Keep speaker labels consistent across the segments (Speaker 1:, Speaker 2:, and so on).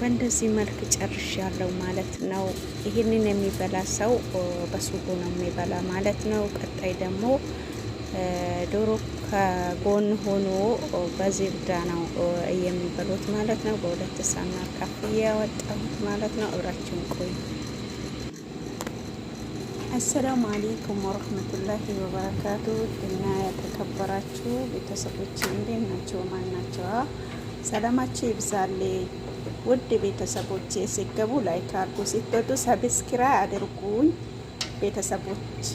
Speaker 1: በእንደዚህ መልክ ጨርሽ ያለው ማለት ነው። ይህንን የሚበላ ሰው በሱጎ ነው የሚበላ ማለት ነው። ቀጣይ ደግሞ ዶሮ ከጎን ሆኖ በዝብዳ ነው የሚበሉት ማለት ነው። በሁለት ሳና ካፍ ያወጣሁት ማለት ነው። እብራችን ቆይ። አሰላሙ አሌይኩም ወረህመቱላሂ ወበረካቱ እና የተከበራችሁ ቤተሰቦች እንዴት ናቸው? ማን ናቸው? ሰላማችሁ ይብዛልኝ። ውድ ቤተሰቦቼ ሲገቡ ላይክ አድርጉ፣ ሲትወዱ ሰብስክራይብ አድርጉኝ። ቤተሰቦች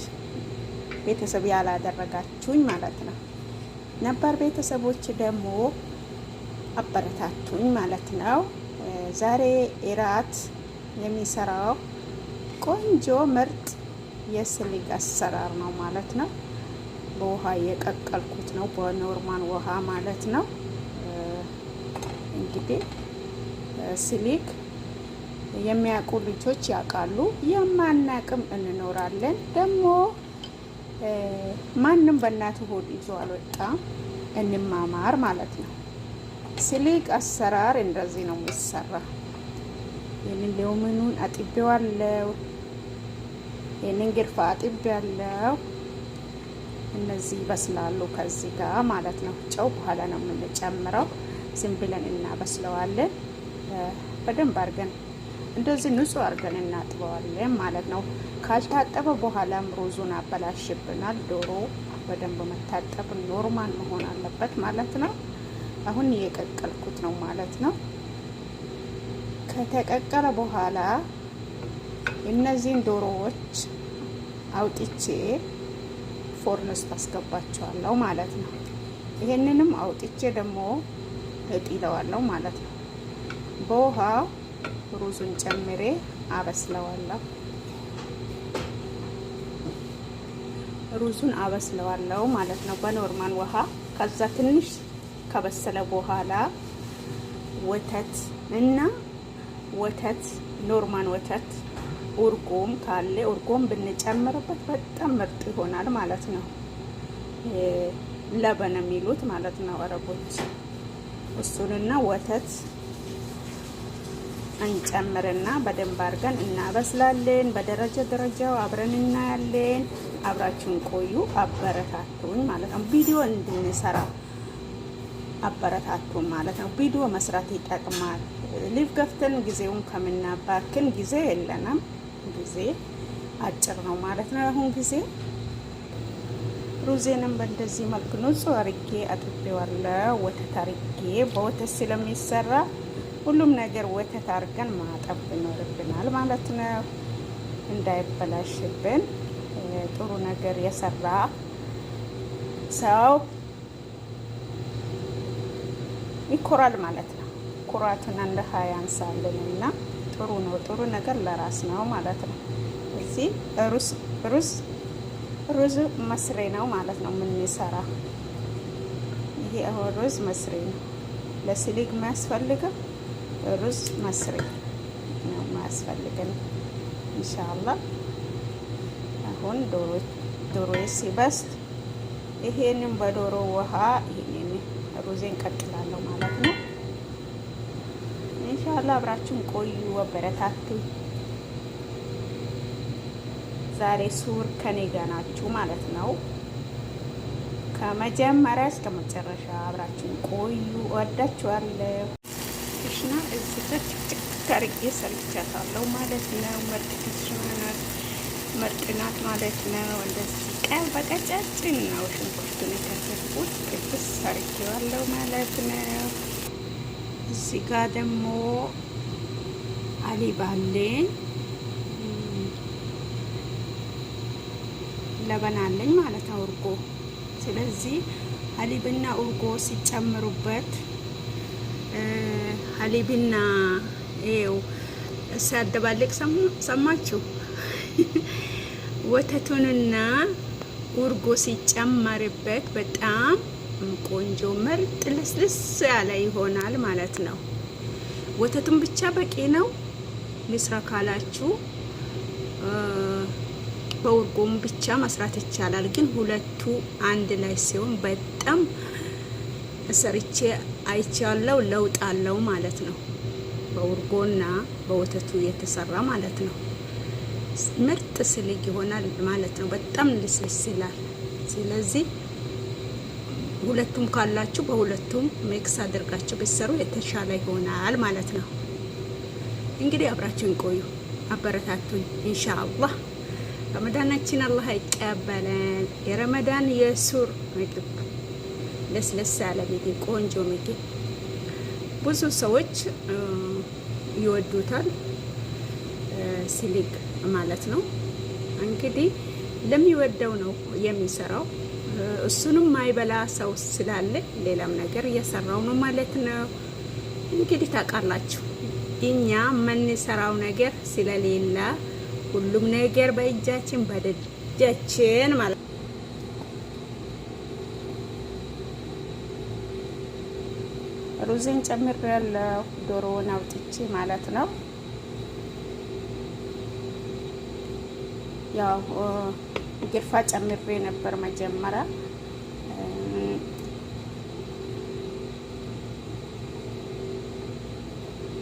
Speaker 1: ቤተሰብ ያላደረጋችሁኝ ማለት ነው። ነባር ቤተሰቦች ደግሞ አበረታቱኝ ማለት ነው። ዛሬ እራት የሚሰራው ቆንጆ ምርጥ የስሊግ አሰራር ነው ማለት ነው። በውሃ የቀቀልኩት ነው፣ በኖርማል ውሃ ማለት ነው እንግዲህ ስሊክ የሚያውቁ ልጆች ያውቃሉ፣ የማናቅም እንኖራለን። ደግሞ ማንም በእናቱ ሆድ ይዞ አልወጣም። እንማማር ማለት ነው። ስሊክ አሰራር እንደዚህ ነው የሚሰራ። ይህንን ሎሚኑን አጥቤዋለሁ። ይህንን ግርፋ አጥቤያለሁ። እነዚህ ይበስላሉ ከዚህ ጋር ማለት ነው። ጨው በኋላ ነው የምንጨምረው። ዝም ብለን እናበስለዋለን። በደንብ አድርገን እንደዚህ ንጹህ አድርገን እናጥበዋለን ማለት ነው። ካልታጠበ በኋላም ሩዙን አበላሽብናል። ዶሮ በደንብ መታጠብ ኖርማል መሆን አለበት ማለት ነው። አሁን እየቀቀልኩት ነው ማለት ነው። ከተቀቀለ በኋላ እነዚህን ዶሮዎች አውጥቼ ፎርን ውስጥ አስገባቸዋለሁ ማለት ነው። ይሄንንም አውጥቼ ደግሞ እጥለዋለሁ ማለት ነው። በውሃ ሩዙን ጨምሬ አበስለዋለሁ። ሩዙን አበስለዋለሁ ማለት ነው በኖርማል ውሃ። ከዛ ትንሽ ከበሰለ በኋላ ወተት እና ወተት ኖርማል ወተት እርጎም ካለ እርጎም ብንጨምርበት በጣም ምርጥ ይሆናል ማለት ነው። ለበን የሚሉት ማለት ነው አረቦች። እሱንና ወተት እንጨምርና በደንብ አድርገን እናበስላለን። በደረጃ ደረጃው አብረን እናያለን። አብራችሁን ቆዩ፣ አበረታቱን ማለት ነው። ቪዲዮ እንድንሰራ አበረታቱን ማለት ነው። ቪዲዮ መስራት ይጠቅማል። ሊቭ ገፍተን ጊዜውን ከምናባክን ጊዜ የለንም። ጊዜ አጭር ነው ማለት ነው። አሁን ጊዜ ሩዜንም በእንደዚህ መልክ ንጹህ አርጌ አጥቤዋለሁ። ወተት አርጌ በወተት ስለሚሰራ ሁሉም ነገር ወተት አድርገን ማጠብ ይኖርብናል ማለት ነው፣ እንዳይበላሽብን። ጥሩ ነገር የሰራ ሰው ይኮራል ማለት ነው። ኩራቱን እንደ ሀያ አንሳልን እና ጥሩ ነው። ጥሩ ነገር ለራስ ነው ማለት ነው። እዚህ ሩስ ሩዝ ሩዝ መስሬ ነው ማለት ነው የምንሰራ። ይሄ ሩዝ መስሬ ነው። ለስሊግ ማያስፈልግም ሩዝ መስሪ ነው ማያስፈልግን። እንሻላ አሁን ዶሮ ሲበስት ይሄንን በዶሮ ውሃ ይሄንን ሩዜን ቀቅላለሁ ማለት ነው። እንሻላ አብራችሁን ቆዩ፣ ወበረታቱ። ዛሬ ሱር ከኔ ጋር ናችሁ ማለት ነው። ከመጀመሪያ እስከ መጨረሻ አብራችሁን ቆዩ። እወዳችኋለሁ። ፊሽና እዚህ ጋር ጭቅጭቅ አድርጌ ሰርቻታለሁ ማለት ነው። መርጥ ፊሽናት መርጥናት ማለት ነው። እንደዚህ ቀን በቀጫጭን ነው ሽንኩርቱን የከተፍኩት ጥብስ ሰርቼዋለሁ ማለት ነው። እዚህ ጋር ደግሞ አሊብ አለኝ ለበና አለኝ ማለት ነው እርጎ። ስለዚህ አሊብና እርጎ ሲጨምሩበት አሊቢና ይኸው ሲያደባልቅ ሰማችሁ። ወተቱንና ውርጎ ሲጨመርበት በጣም ቆንጆ ምርጥ ልስልስ ያለ ይሆናል ማለት ነው። ወተቱን ብቻ በቂ ነው። ልስራ ካላችሁ በውርጎም ብቻ መስራት ይቻላል። ግን ሁለቱ አንድ ላይ ሲሆን በጣም ሰርቼ አይቻለው። ለውጥ አለው ማለት ነው። በውርጎና በወተቱ የተሰራ ማለት ነው። ምርጥ ስልግ ይሆናል ማለት ነው። በጣም ልስልስ ይላል። ስለዚህ ሁለቱም ካላችሁ በሁለቱም ሜክስ አድርጋችሁ ብትሰሩ የተሻለ ይሆናል ማለት ነው። እንግዲህ አብራችሁን ቆዩ፣ አበረታቱኝ። ኢንሻአላህ ረመዳናችን አላህ ይቀበለን። የረመዳን የሱር ምግብ ለስለስ ያለ ምግብ፣ ቆንጆ ምግብ ብዙ ሰዎች ይወዱታል። ሲሊግ ማለት ነው እንግዲህ ለሚወደው ነው የሚሰራው። እሱንም ማይበላ ሰው ስላለ ሌላም ነገር እየሰራው ነው ማለት ነው። እንግዲህ ታውቃላችሁ እኛ የምንሰራው ነገር ስለሌላ ሁሉም ነገር በእጃችን በደጃችን ማለት ሩዝን ጨምሬያለሁ። ዶሮውን አውጥቼ ማለት ነው። ያው ግርፋ ጨምሬ ነበር መጀመሪያ።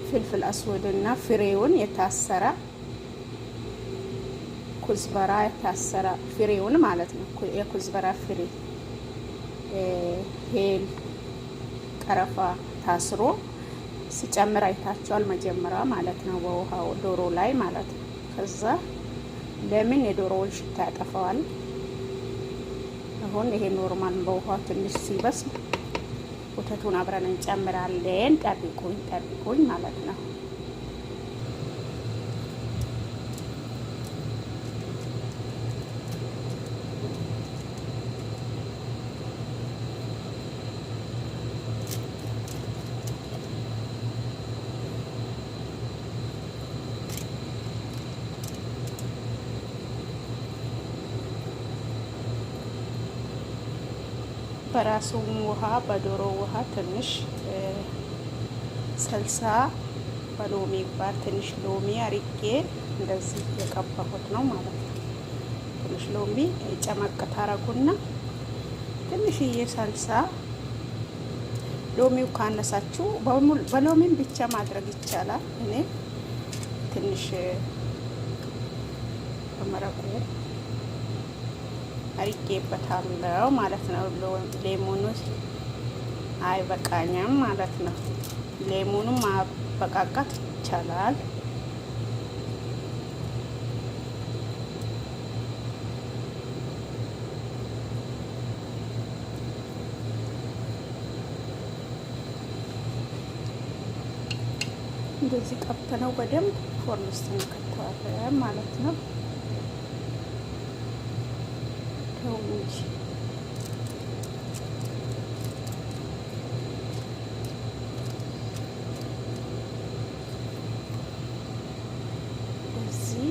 Speaker 1: ፍልፍል አስወድ እና ፍሬውን የታሰረ ኩዝበራ የታሰረ ፍሬውን ማለት ነው። የኩዝበራ ፍሬ ሄል ቀረፋ ታስሮ ሲጨምር አይታቸዋል። መጀመሪያ ማለት ነው በውሃው ዶሮ ላይ ማለት ነው። ከዛ ለምን የዶሮውን ሽታ ያጠፈዋል? አሁን ይሄ ኖርማል በውሃ ትንሽ ሲበስል ወተቱን አብረን እንጨምራለን። ጠብቁኝ ጠብቁኝ ማለት ነው። በራሱም ውሃ በዶሮ ውሃ ትንሽ ሰልሳ በሎሚ ይባል ትንሽ ሎሚ አርጌ እንደዚህ የቀባሁት ነው ማለት ነው። ትንሽ ሎሚ ጨመቅ ታረጉና ትንሽዬ ሰልሳ ሎሚው ካነሳችሁ በሎሚም ብቻ ማድረግ ይቻላል። እኔ ትንሽ በመረቁ አድርጌበታለሁ ማለት ነው። ሌሞኑ አይበቃኝም ማለት ነው። ሌሞኑ ማበቃቃት ይቻላል። እንደዚህ ቀብተነው በደንብ ፎርን ውስጥ እንከተዋለን ማለት ነው። ሰዎች እዚህ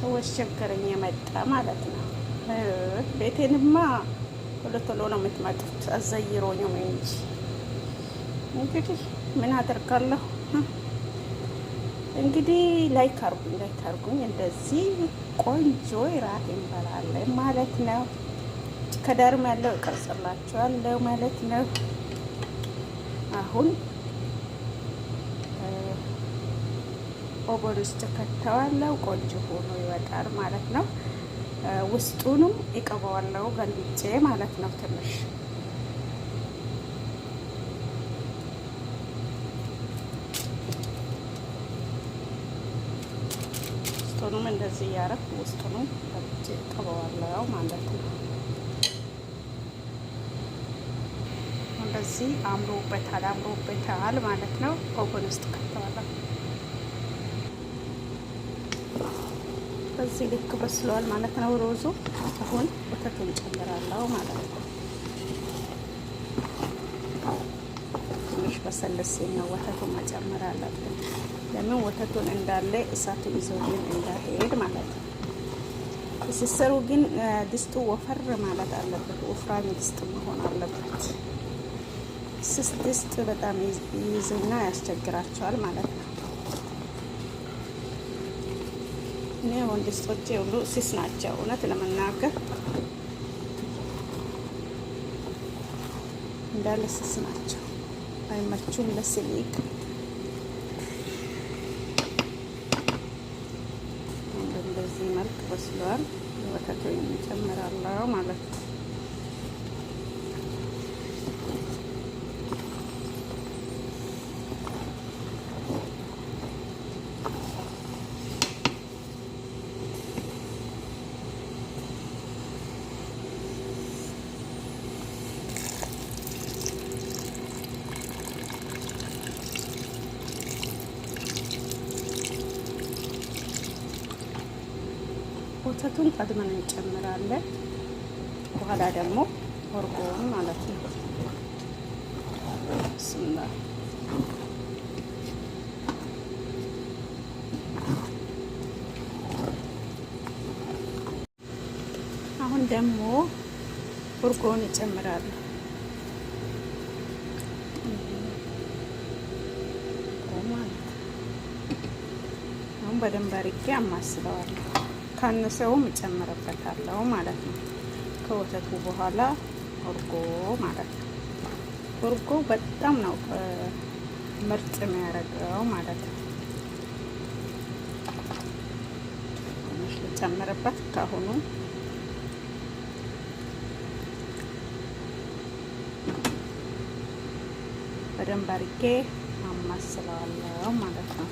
Speaker 1: ሰዎች ቸገረኝ የመጣ ማለት ነው። ቤቴንማ ቶሎ ቶሎ ነው የምትመጡት። አዘይሮኝ ነው እንጂ እንግዲህ ምን አደርጋለሁ። እንግዲህ ላይክ አርጉኝ፣ ላይክ አርጉኝ። እንደዚህ ቆንጆ እራት እንበላለን ማለት ነው። ከዳርም ያለው እቀርጽላችኋለሁ ማለት ነው። አሁን ኦቨን ውስጥ ከተዋለው ቆንጆ ሆኖ ይወጣል ማለት ነው። ውስጡንም እቀበዋለሁ ገልብጬ ማለት ነው ትንሽ እንደዚህ እያረግ እያረኩ ውስጡንም ከብቼ ጥበዋለሁ ማለት ነው። እንደዚህ አምሮበታል አምሮበታል ማለት ነው። ኦቨን ውስጥ ከተዋለሁ። በዚህ ልክ በስለዋል ማለት ነው ሮዙ። አሁን ወተቱን ጨምራለሁ ማለት ነው። ትንሽ በሰለሴ ነው ወተቱን መጨመር አለብን። ለምን ወተቱን እንዳለ እሳቱ ይዞልን እንዳሄድ ማለት ነው። ሲሰሩ ግን ድስቱ ወፈር ማለት አለበት፣ ወፍራም ድስት መሆን አለበት። ስስ ድስት በጣም ይይዝና ያስቸግራቸዋል ማለት ነው። እኔ ወንድስቶቼ ሁሉ ስስ ናቸው እውነት ለመናገር እንዳለ ስስ ናቸው፣ አይመቹም ለስሊክ መልክ በስሏል። ወተቱ እንጨምራለሁ ማለት ነው። ወተቱን ቀድመን እንጨምራለን። በኋላ ደግሞ እርጎውን ማለት ነው። ስላ አሁን ደግሞ እርጎውን እጨምራለሁ። አሁን በደንብ አድርጌ አማስለዋለሁ። ካነሰውም እጨምርበታለሁ ማለት ነው። ከወተቱ በኋላ እርጎ ማለት ነው። እርጎ በጣም ነው ምርጥ የሚያደርገው ማለት ነው። ልጨምርበት ካሁኑ በደንብ አድርጌ አማስለዋለሁ ማለት ነው።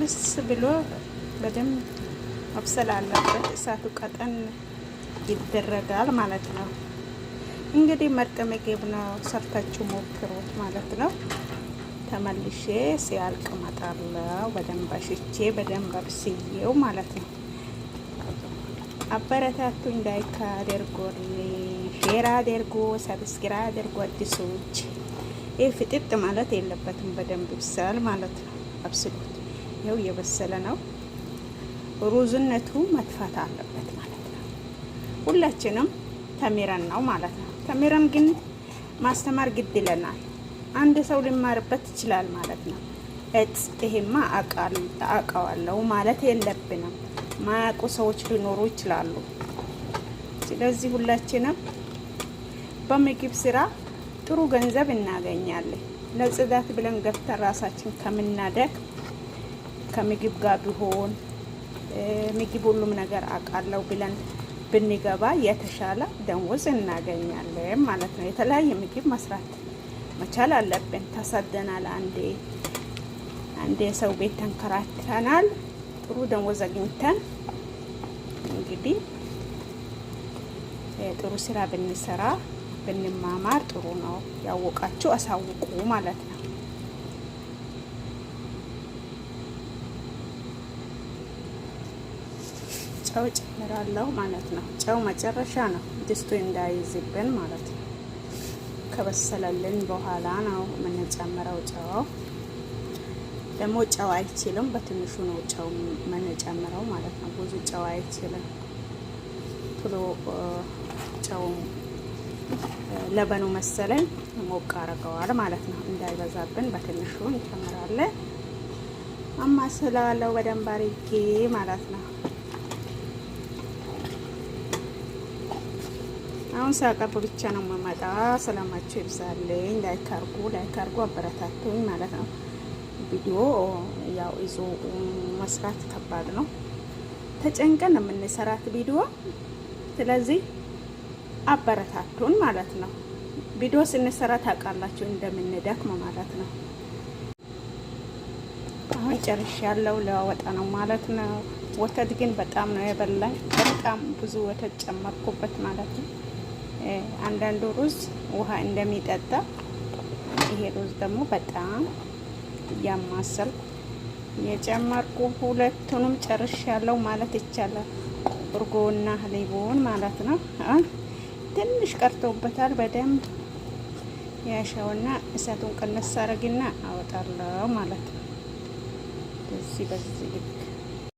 Speaker 1: ልስልስ ብሎ በደንብ መብሰል አለበት። እሳቱ ቀጠን ይደረጋል ማለት ነው። እንግዲህ ምርጥ ምግብ ነው። ሰርታችሁ ሞክሩት ማለት ነው። ተመልሼ ሲያልቅ መጣለው። በደንብ አሽቼ በደንብ አብስዬው ማለት ነው። አበረታቱ እንዳይካ አድርጎልኝ፣ ሼር አድርጎ ሰብስክራ አድርጎ አዲሶች። ይህ ፍጥጥ ማለት የለበትም። በደንብ ይብሳል ማለት ነው። አብስሉት። ይሄው የበሰለ ነው። ሩዝነቱ መጥፋት አለበት ማለት ነው። ሁላችንም ተሜረን ነው ማለት ነው። ተሜረን ግን ማስተማር ግድ ይለናል። አንድ ሰው ሊማርበት ይችላል ማለት ነው። እጽ ይሄማ አውቃለሁ ማለት የለብንም። ማያውቁ ሰዎች ሊኖሩ ይችላሉ። ስለዚህ ሁላችንም በምግብ ስራ ጥሩ ገንዘብ እናገኛለን። ለጽዳት ብለን ገብተን ራሳችን ከምናደግ ከምግብ ጋር ቢሆን ምግብ ሁሉም ነገር አውቃለሁ ብለን ብንገባ የተሻለ ደንወዝ እናገኛለን ማለት ነው። የተለያየ ምግብ መስራት መቻል አለብን። ተሰደናል። አንዴ አንዴ ሰው ቤት ተንከራተናል። ጥሩ ደሞዝ አግኝተን እንግዲህ ጥሩ ስራ ብንሰራ ብንማማር ጥሩ ነው። ያወቃችሁ አሳውቁ ማለት ነው። ጨው ጨምራለሁ ማለት ነው። ጨው መጨረሻ ነው፣ ድስቱ እንዳይዝብን ማለት ነው። ከበሰለልን በኋላ ነው የምንጨምረው ጨው። ደግሞ ጨው አይችልም፣ በትንሹ ነው ጨው የምንጨምረው ማለት ነው። ብዙ ጨው አይችልም። ቶሎ ጨው ለበኑ መሰለኝ ሞቅ አድርገዋል ማለት ነው። እንዳይበዛብን በትንሹ እንጨምራለን። አማስላለሁ በደንብ አድርጌ ማለት ነው። ቪዲዮውን ሳቀርብ ብቻ ነው የምመጣ። ሰላማችሁ ይብዛልኝ። ላይክ አርጉ፣ ላይክ አርጉ፣ አበረታቱኝ ማለት ነው። ቪዲዮ ያው ይዞ መስራት ከባድ ነው። ተጨንቀን የምንሰራት ቪዲዮ። ስለዚህ አበረታቱን ማለት ነው። ቪዲዮ ስንሰራ ታውቃላችሁ እንደምንደክም ማለት ነው። አሁን ጨርሽ ያለው ለወጣ ነው ማለት ነው። ወተት ግን በጣም ነው የበላኝ። በጣም ብዙ ወተት ጨመርኩበት ማለት ነው። አንዳንዱ ሩዝ ውሃ እንደሚጠጣ ይሄ ሩዝ ደግሞ በጣም እያማሰልኩ የጨመርኩ ሁለቱንም ጨርሻለሁ ማለት ይቻላል። እርጎና ሊቦን ማለት ነው። ትንሽ ቀርቶበታል። በደንብ ያሻውና እሳቱን ቀነስ አረግና አወጣለሁ ማለት ነው። በዚህ በዚህ